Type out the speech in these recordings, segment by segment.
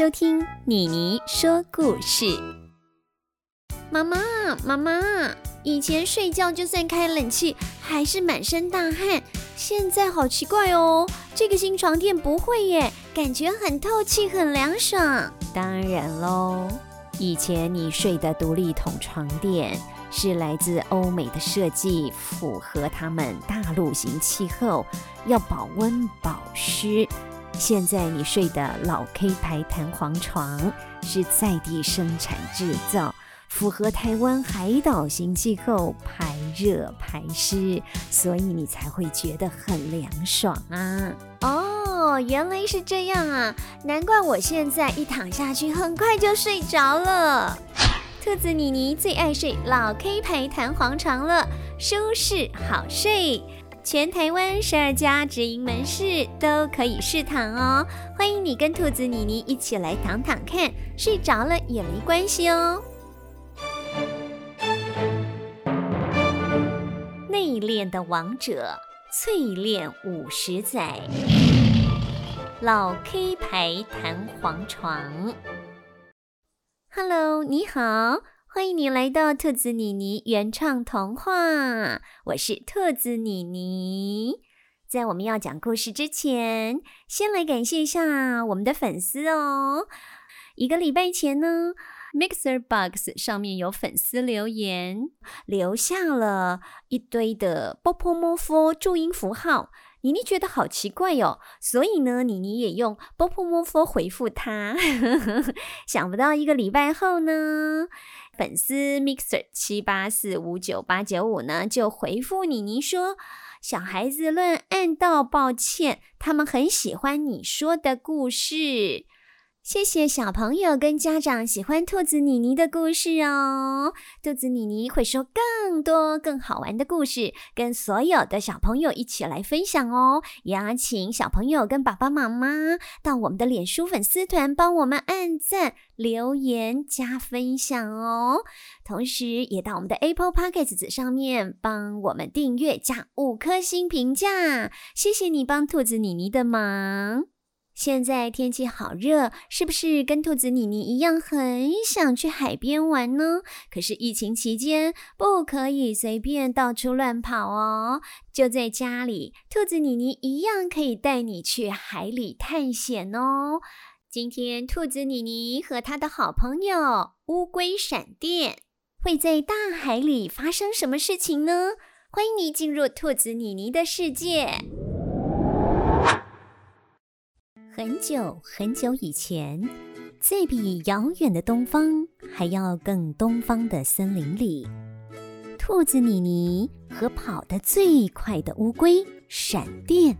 收聽妮妮說故事。媽媽，媽媽，以前睡覺就算開冷氣，還是滿身大汗。現在好奇怪哦，這個新床墊不會耶，感覺很透氣，很涼爽。當然嘍，以前你睡的獨立筒床墊是來自歐美的設計，符合他們大陸型氣候，要保溫保濕。現在你睡的老 K 牌彈簧床是在地生產製造，符合台灣海島型氣候，排熱排濕，所以你才會覺得很涼爽啊！哦，原來是這樣啊，難怪我現在一躺下去很快就睡着了。兔子妮妮最愛睡老 K 牌彈簧床了，舒適好睡。全台灣十二家直營門市都可以試躺哦，歡迎你跟兔子妮妮一起來躺躺看，睡着了也沒關係哦。內斂的王者，淬煉五十載，老 K 牌彈簧床。Hello，你好。歡迎你來到兔子妮妮原創童話，我是兔子妮妮。在我們要講故事之前，先來感謝一下我們的粉絲哦。一個禮拜前呢，Mixer Box 上面有粉絲留言，留下了一堆的波波摩佛注音符號。妮妮覺得好奇怪喲、哦，所以呢，妮妮也用波普摩佛回復他呵呵。想不到一個禮拜後呢，粉絲 mixer 七八四五九八九五呢就回復妮妮說：“小孩子亂按道，抱歉，他們很喜歡你說的故事。”謝謝小朋友跟家長喜歡兔子妮妮的故事哦，兔子妮妮會說更多更好玩的故事，跟所有的小朋友一起來分享哦。也要請小朋友跟爸爸媽媽到我們的臉書粉絲團幫我們按讚、留言、加分享哦，同時也到我們的 Apple Podcast 上面幫我們訂閱加五顆星評價。謝謝你幫兔子妮妮的忙。現在天氣好熱，是不是跟兔子妮妮一樣很想去海邊玩呢？可是疫情期間不可以隨便到處亂跑哦。就在家裡，兔子妮妮一樣可以帶你去海裡探險哦。今天兔子妮妮和她的好朋友烏龜閃電會在大海裡發生什麼事情呢？歡迎你進入兔子妮妮的世界。很久很久以前，在比遙遠的東方還要更東方的森林裡，兔子妮妮和跑得最快的烏龜閃電，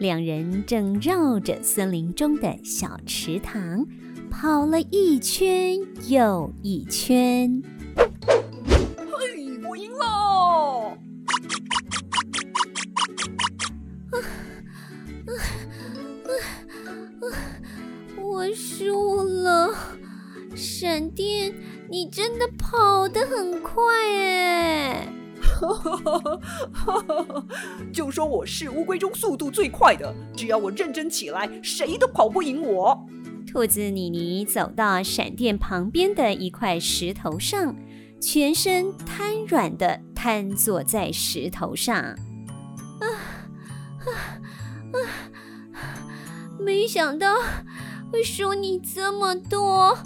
兩人正繞着森林中的小池塘跑了一圈又一圈。我輸了，閃電，你真的跑得很快哎！ 就說我是烏龜中速度最快的，只要我認真起來，誰都跑不贏我。兔子妮妮走到閃電旁邊的一塊石頭上，全身癱軟的癱坐在石頭上。啊，啊，啊！沒想到。輸你這麼多，啊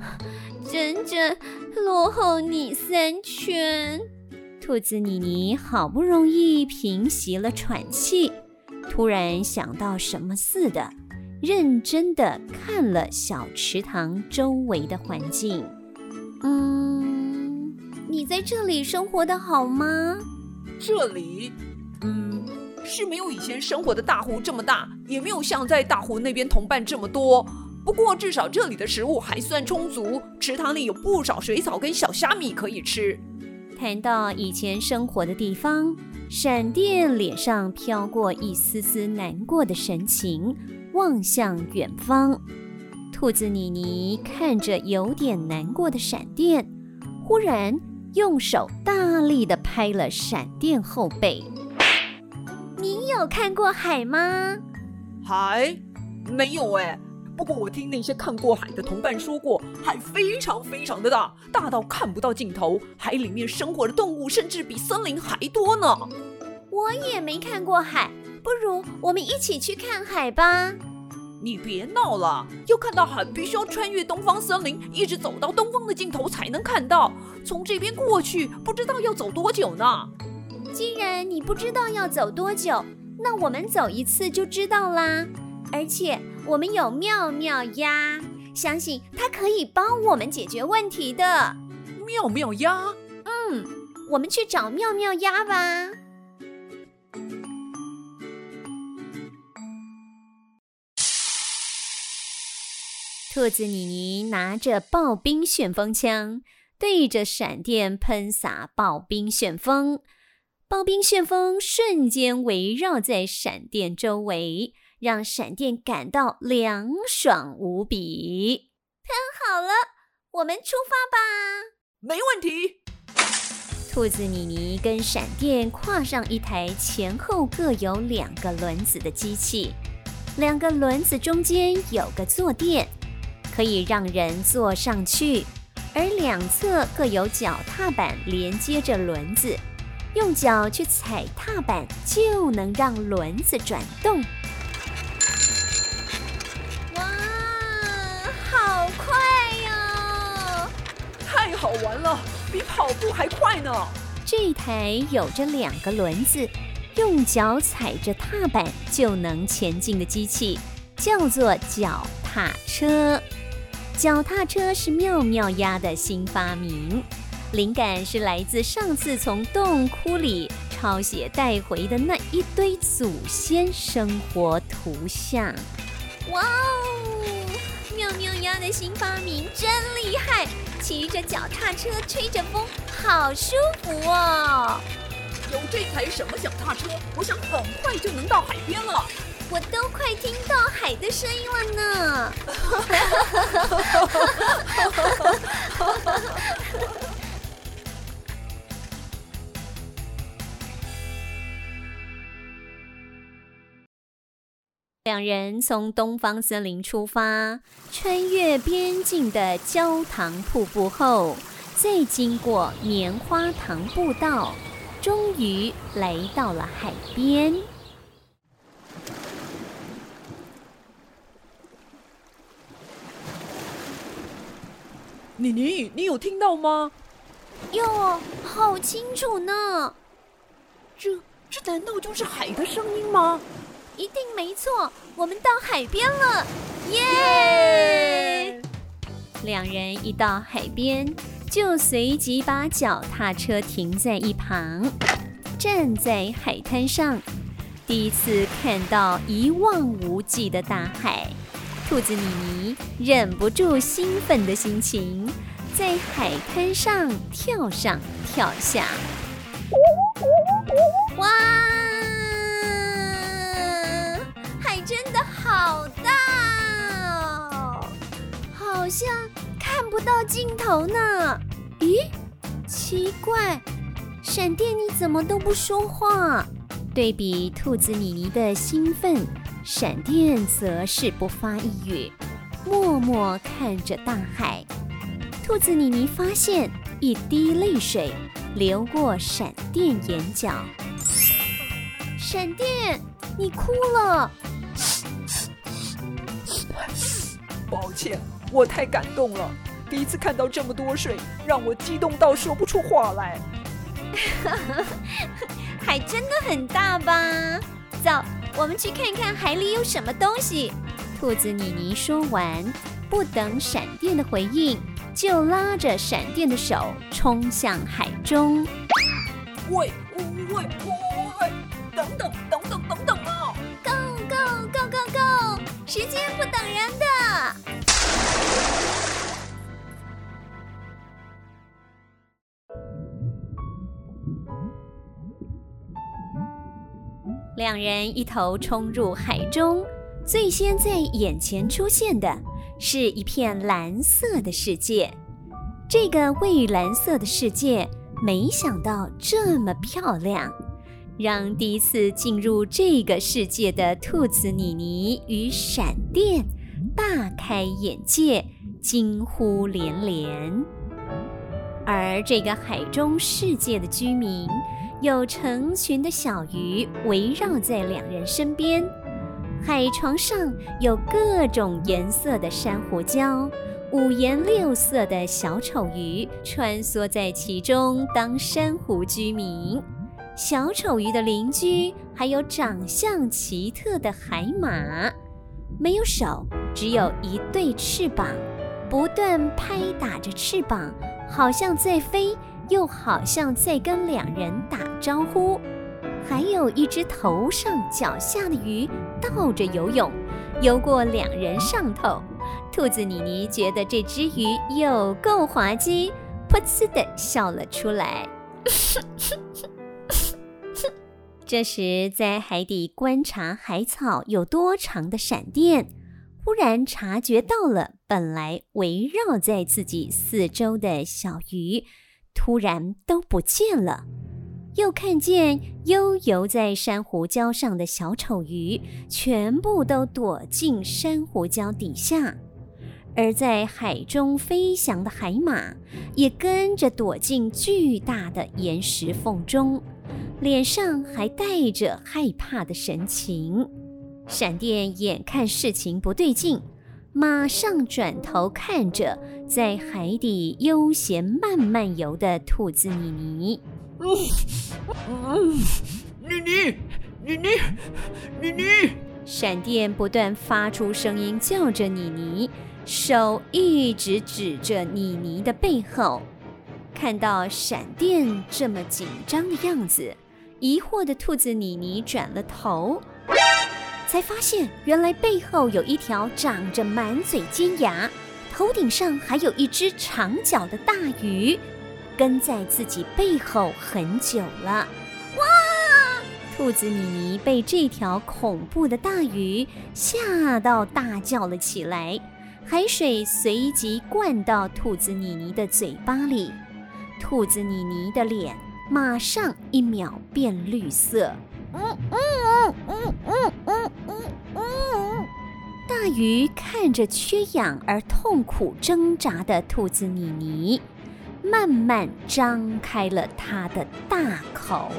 啊，整整落後你三圈。兔子妮妮好不容易平息了喘氣，突然想到什麼似的，認真的看了小池塘周圍的環境。嗯，你在這裡生活得好嗎？這裡，嗯。是沒有以前生活的大湖這麼大，也沒有像在大湖那邊同伴這麼多。不過至少這裡的食物還算充足，池塘裡有不少水草跟小蝦米可以吃。談到以前生活的地方，閃電臉上飄過一絲絲難過的神情，望向遠方。兔子妮妮看着有點難過的閃電，忽然用手大力地拍了閃電後背。有看過海嗎？海？沒有哎。不過我聽那些看過海的同伴說過，海非常非常的大，大到看不到盡頭。海裡面生活的動物甚至比森林還多呢。我也沒看過海，不如我們一起去看海吧。你別鬧了，要看到海，必須要穿越東方森林，一直走到東方的盡頭才能看到。從這邊過去，不知道要走多久呢。既然你不知道要走多久，那我們走一次就知道啦，而且我們有妙妙鴨，相信它可以幫我們解決問題的。妙妙鴨，嗯，我們去找妙妙鴨吧。兔子妮妮拿着爆冰旋風槍，對着閃電噴灑爆冰旋風。刨冰旋風瞬間圍繞在閃電周圍，讓閃電感到涼爽無比。噴好了，我們出發吧！沒問題。兔子妮妮跟閃電跨上一台前後各有兩個輪子的機器，兩個輪子中間有個坐墊，可以讓人坐上去，而兩側各有腳踏板連接着輪子。用腳去踩踏板，就能讓輪子轉動。哇，好快喲！太好玩了，比跑步還快呢。這台有着兩個輪子，用腳踩着踏板就能前進的機器，叫做腳踏車。腳踏車是妙妙鴨的新發明。靈感是來自上次從洞窟裡抄寫帶回的那一堆祖先生活圖像。哇哦，妙妙鴨的新發明真厲害！騎着腳踏車，吹着風，好舒服哦。有這台什麼腳踏車，我想很快就能到海邊了。我都快聽到海的聲音了呢。哈哈哈哈哈。兩人從東方森林出發，穿越邊境的焦糖瀑布後，再經過棉花糖步道，終於來到了海邊。妮妮，你有聽到嗎？喲，好清楚呢！這這難道就是海的聲音嗎？一定沒錯，我們到海邊了，耶！耶！兩人一到海邊，就隨即把腳踏車停在一旁，站在海灘上，第一次看到一望無際的大海，兔子妮妮忍不住興奮的心情，在海灘上跳上跳下，哇！好大，好像看不到盡頭呢。咦，奇怪，閃電你怎麼都不說話？對比兔子妮妮的興奮，閃電則是不發一語，默默看着大海。兔子妮妮發現一滴淚水流過閃電眼角，閃電，你哭了？抱歉，我太感動了，第一次看到這麼多水，讓我激動到說不出話來。哈哈，海真的很大吧？走，我們去看一看海裡有什麼東西。兔子妮妮說完，不等閃電的回應，就拉着閃電的手衝向海中。喂喂喂！喂喂兩人一頭衝入海中，最先在眼前出現的是一片藍色的世界。這個蔚藍色的世界，沒想到這麼漂亮，讓第一次進入這個世界的兔子妮妮與閃電大開眼界，驚呼連連。而這個海中世界的居民。有成群的小魚圍繞在兩人身邊，海床上有各種顏色的珊瑚礁，五顏六色的小丑魚穿梭在其中當珊瑚居民。小丑魚的鄰居還有長相奇特的海馬，沒有手，只有一對翅膀，不斷拍打着翅膀，好像在飛。又好像在跟兩人打招呼，還有一隻頭上腳下的魚倒着游泳，游過兩人上頭。兔子妮妮覺得這隻魚有夠滑稽，噗嗤地笑了出來。 這時，在海底觀察海草有多長的閃電，忽然察覺到了本來圍繞在自己四周的小魚。突然都不見了，又看見悠游在珊瑚礁上的小丑魚全部都躲進珊瑚礁底下，而在海中飛翔的海馬也跟着躲進巨大的岩石縫中，臉上還帶着害怕的神情。閃電眼看事情不對勁。馬上轉頭看着在海底悠閒慢慢游的兔子妮妮。妮妮，妮妮，妮妮！閃電不斷發出聲音叫着妮妮，手一直指着妮妮的背後。看到閃電這麼緊張的樣子，疑惑的兔子妮妮轉了頭。才發現，原來背後有一條長着滿嘴尖牙、頭頂上還有一隻長角的大魚，跟在自己背後很久了。哇！兔子妮妮被這條恐怖的大魚嚇到，大叫了起來。海水隨即灌到兔子妮妮的嘴巴裡，兔子妮妮的臉馬上一秒變綠色。嗯嗯嗯嗯嗯嗯嗯！嗯嗯嗯嗯嗯大魚看着缺氧而痛苦掙扎的兔子妮妮，慢慢張開了它的大口。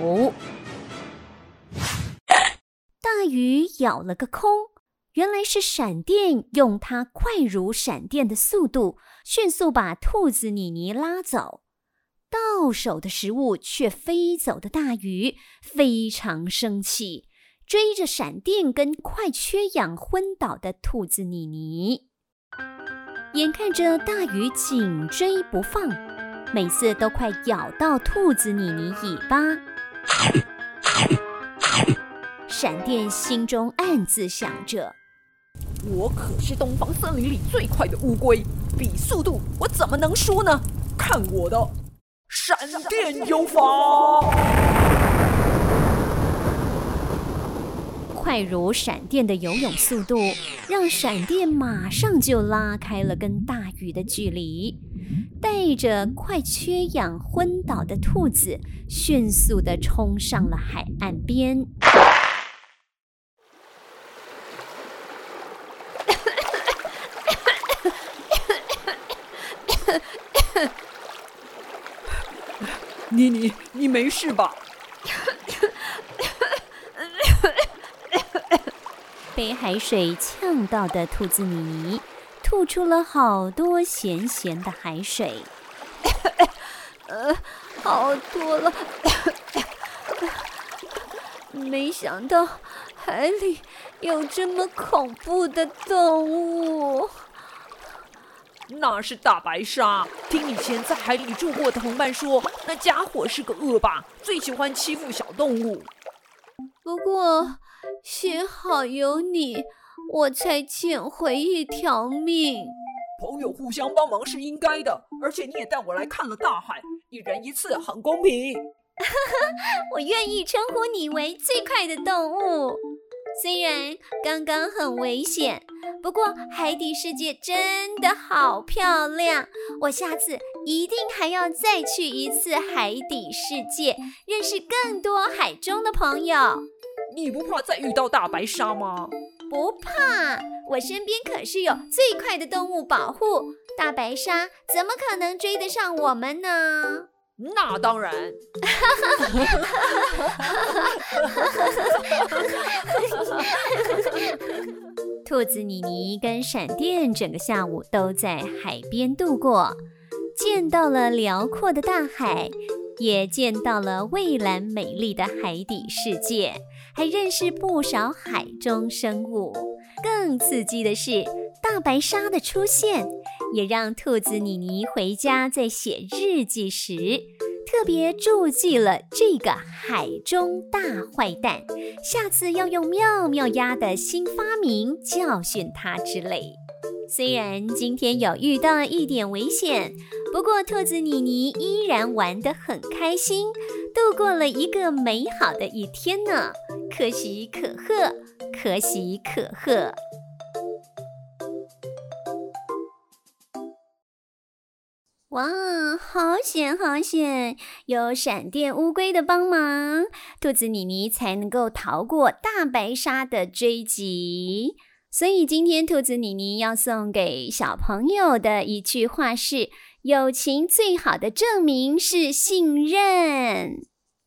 呃、大魚咬了個空，原來是閃電，用它快如閃電的速度，迅速把兔子妮妮拉走。到手的食物卻飛走的大魚非常生氣，追着閃電跟快缺氧昏倒的兔子妮妮。眼看着大魚緊追不放，每次都快咬到兔子妮妮尾巴， 閃電心中暗自想着：“我可是東方森林裡最快的烏龜，比速度我怎麼能輸呢？看我的！”閃電游法，快如閃電的游泳速度，讓閃電馬上就拉開了跟大魚的距離，帶着快缺氧昏倒的兔子，迅速地衝上了海岸邊。妮妮，你沒事吧？被海水嗆到的兔子妮妮吐出了好多鹹鹹的海水。 呃，好多了。 沒想到海裡有這麼恐怖的動物。那是大白鯊。聽以前在海裡住過的同伴說，那家伙是個惡霸，最喜歡欺負小動物。不過幸好有你，我才撿回一條命。朋友互相幫忙是應該的，而且你也帶我來看了大海，一人一次很公平。 我願意稱呼你為最快的動物。雖然剛剛很危險，不過海底世界真的好漂亮。我下次一定還要再去一次海底世界，認識更多海中的朋友。你不怕再遇到大白鯊嗎？不怕，我身邊可是有最快的動物保護，大白鯊怎麼可能追得上我們呢？那當然。 兔子妮妮跟閃電整個下午都在海邊度過，見到了遼闊的大海，也見到了蔚藍美麗的海底世界，還認識不少海中生物。更刺激的是，大白鯊的出現。也讓兔子妮妮回家在寫日記時，特別注記了這個海中大壞蛋，下次要用妙妙鴨的新發明教訓他之類。雖然今天有遇到一點危險，不過兔子妮妮依然玩得很開心，度過了一個美好的一天呢。可喜可賀，可喜可賀。哇，好險好險！有閃電烏龜的幫忙，兔子妮妮才能夠逃過大白鯊的追擊。所以今天兔子妮妮要送給小朋友的一句話是：“友情最好的證明是信任，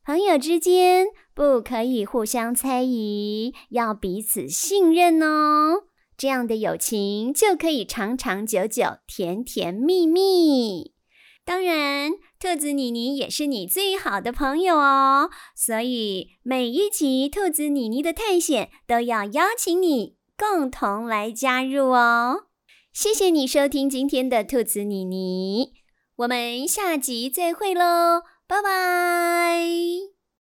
朋友之間不可以互相猜疑，要彼此信任哦，這樣的友情就可以長長久久，甜甜蜜蜜。”當然，兔子妮妮也是你最好的朋友哦，所以每一集兔子妮妮的探險都要邀請你共同來加入哦。謝謝你收聽今天的兔子妮妮，我們下集再會嘍，拜拜！